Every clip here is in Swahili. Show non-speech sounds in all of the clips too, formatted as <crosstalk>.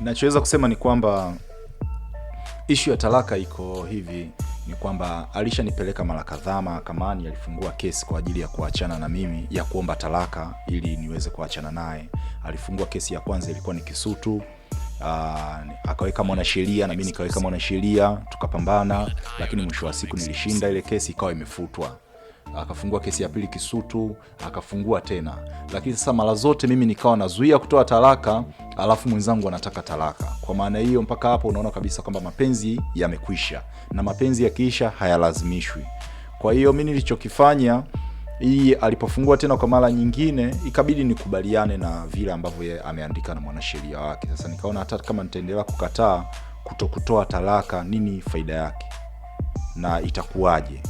Nachoweza kusema ni kwamba ishu ya talaka iko hivi, ni kwamba alishanipeleka mara kadhaa mahakamani, alifungua kesi kwa ajili ya kuachana na mimi, ya kuomba talaka ili niweze kuachana naye. Alifungua kesi ya kwanza, ilikuwa ni Kisutu. Uh, akaweka mwanasheria na mi nikaweka mwanasheria, tukapambana, lakini mwisho wa siku nilishinda ile kesi, ikawa imefutwa akafungua kesi ya pili Kisutu, akafungua tena. Lakini sasa mara zote mimi nikawa nazuia kutoa talaka, alafu mwenzangu anataka talaka. Kwa maana hiyo, mpaka hapo unaona kabisa kwamba mapenzi yamekwisha, na mapenzi yakiisha hayalazimishwi. Kwa hiyo mi nilichokifanya hii alipofungua tena kwa mara nyingine, ikabidi nikubaliane na vile ambavyo yeye ameandika na mwanasheria wake. Sasa nikaona hata kama nitaendelea kukataa kuto kutoa talaka, nini faida yake na itakuwaje?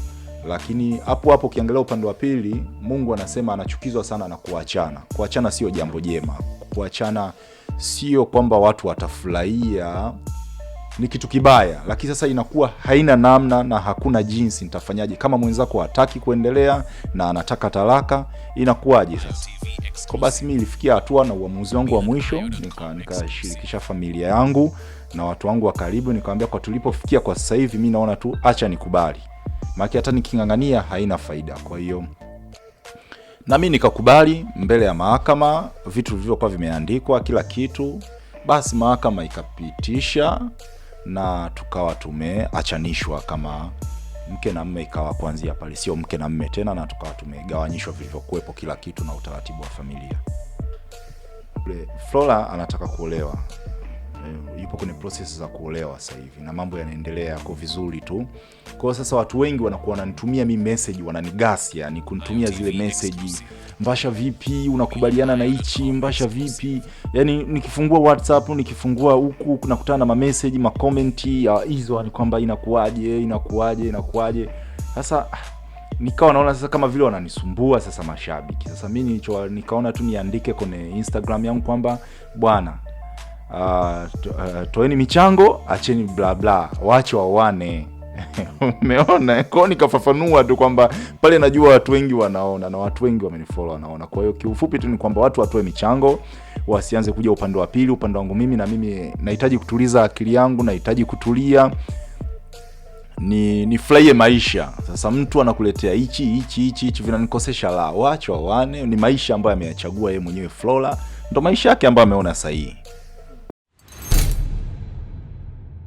Lakini hapo hapo ukiangalia upande wa pili, Mungu anasema anachukizwa sana na kuachana. Kuachana sio jambo jema. Kuachana sio kwamba watu watafurahia, ni kitu kibaya. Lakini sasa inakuwa haina namna na hakuna jinsi, nitafanyaje kama mwenzako hataki kuendelea na anataka talaka, inakuwaje sasa? Kwa basi mi ilifikia hatua na uamuzi wangu wa mwisho, nikashirikisha nika familia yangu na watu wangu wa karibu, nikawambia, kwa tulipofikia kwa sasa hivi, mi naona tu acha nikubali maki hata niking'ang'ania haina faida. Kwa hiyo na mimi nikakubali mbele ya mahakama vitu vilivyokuwa vimeandikwa, kila kitu. Basi mahakama ikapitisha na tukawa tumeachanishwa kama mke na mme, ikawa kuanzia pale sio mke na mme tena, na tukawa tumegawanyishwa vilivyokuwepo, kila kitu na utaratibu wa familia. Flora anataka kuolewa wapo kwenye process za kuolewa sasa hivi na mambo yanaendelea yako vizuri tu. Kwa hiyo sasa watu wengi wanakuwa wananitumia mi message, wananigasi yani kunitumia zile message, Mbasha vipi, unakubaliana na hichi? Mbasha vipi? Yani nikifungua WhatsApp, nikifungua huku kunakutana na ma message, ma comment ya hizo, ni kwamba inakuaje, inakuaje, inakuaje. Sasa nikawa naona sasa kama vile wananisumbua sasa mashabiki. Sasa mimi nilicho nikaona tu niandike kwenye Instagram yangu kwamba bwana uh, ah, to, uh, eh, toeni michango, acheni blabla wache wawane. <laughs> Umeona, kwao nikafafanua tu kwamba pale najua watu wengi wanaona na watu wengi wamenifollow wanaona. Kwa hiyo kiufupi tu ni kwamba watu watoe michango, wasianze kuja upande wa pili, upande wangu mimi, na mimi nahitaji kutuliza akili yangu, nahitaji kutulia ni nifurahie maisha. Sasa mtu anakuletea hichi hichi hichi hichi, vinanikosesha la, wacho wawane. Ni maisha ambayo ameyachagua yeye mwenyewe, Flora ndo maisha yake ambayo ameona sahihi.